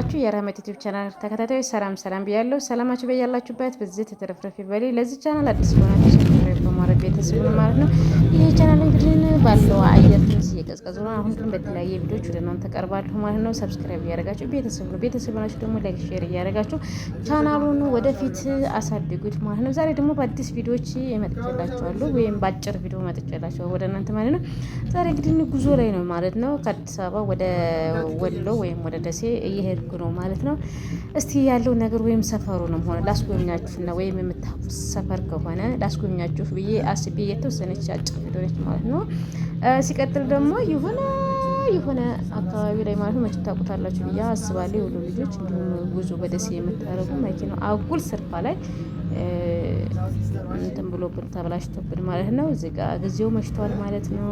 የተከበራችሁ የረህመት ዩቲብ ቻናል ተከታታዮች ሰላም ሰላም ብያለሁ። ሰላማችሁ በያላችሁበት በዚህ ተተረፍረፍ ይበል። ለዚህ ቻናል አዲስ ሆናችሁ ሰብስክራይብ በማድረግ ቤተሰብ ማለት ነው። ይህ ቻናል እንግዲህ ባለው አየር ትንሽ እየቀዝቀዝ ነው። አሁን ግን በተለያየ ቪዲዮች ወደ እናንተ ቀርባለሁ ማለት ነው። ሰብስክራይብ እያደረጋችሁ ቤተሰብ ነው ቤተሰብ ናችሁ ደግሞ ላይክ፣ ሼር እያደረጋችሁ ቻናሉን ወደፊት አሳድጉት ማለት ነው። ዛሬ ደግሞ በአዲስ ቪዲዮዎች መጥቼላችኋለሁ፣ ወይም በአጭር ቪዲዮ መጥቼላችኋለሁ ወደ እናንተ ማለት ነው። ዛሬ እንግዲህ ጉዞ ላይ ነው ማለት ነው። ከአዲስ አበባ ወደ ወሎ ወይም ወደ ደሴ እየሄድ እያደረግኩ ነው ማለት ነው። እስቲ ያለው ነገር ወይም ሰፈሩንም ሆነ ላስጎብኛችሁና ወይም የምታውቁት ሰፈር ከሆነ ላስጎብኛችሁ ብዬ አስቤ የተወሰነች አጭር ማለት ነው። ሲቀጥል ደግሞ የሆነ የሆነ አካባቢ ላይ ማለት ነው መቼ ታውቁታላችሁ ብዬ አስባለሁ። የወሎ ልጆች እንዲሁም ጉዞ በደሴ የምታደርጉ መኪና አጉል ስርፋ ላይ እንትን ብሎብን ተብላሽቶብን ማለት ነው። እዚህ ጋ ጊዜው መሽቷል ማለት ነው።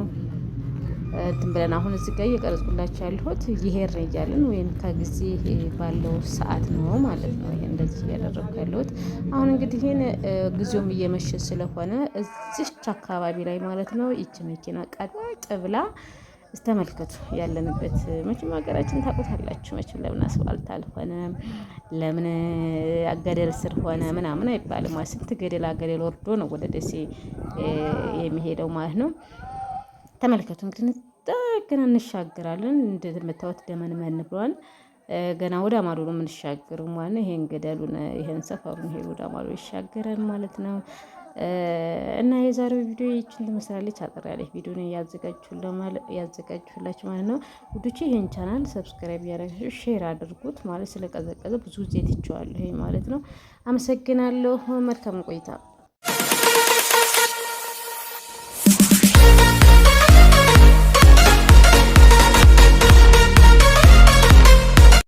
እንትን ብለን አሁን እዚህ ጋር እየቀረጽኩላችሁ ያለሁት ይሄር ነው እያለን ወይም ከጊዜ ባለው ሰዓት ነው ማለት ነው። ይሄ እንደዚህ እያደረግኩ ያለሁት አሁን እንግዲህ ይህን ጊዜውም እየመሸ ስለሆነ እዚች አካባቢ ላይ ማለት ነው ይቺ መኪና ቀጥ ብላ ተመልከቱ ያለንበት መቼም ሀገራችን ታውቁታላችሁ። መቼም ለምን አስፋልት አልሆነም፣ ለምን አገደል ስር ሆነ ምናምን አይባልም። ስንት ገደል አገደል ወርዶ ነው ወደ ደሴ የሚሄደው ማለት ነው። ተመልከቱ እንግዲህ እንደገና እንሻገራለን። እንደምታዩት ደመን መን ብሏል። ገና ወደ አማዶ ነው የምንሻገረው ማለት ነው። ይሄን ገደሉን ይሄን ሰፈሩን ይሄ ወደ አማዶ ይሻገራል ማለት ነው። እና የዛሬው ቪዲዮ ይችን ትመስላለች። አጠር ያለች ቪዲዮ ነው ያዘጋጅሁላችሁ ማለት ነው። ውዶች ይህን ቻናል ሰብስክራይብ ያደረጋችሁ ሼር አድርጉት ማለት ስለቀዘቀዘ ብዙ ጊዜ ትቸዋለሁ ማለት ነው። አመሰግናለሁ። መልካም ቆይታ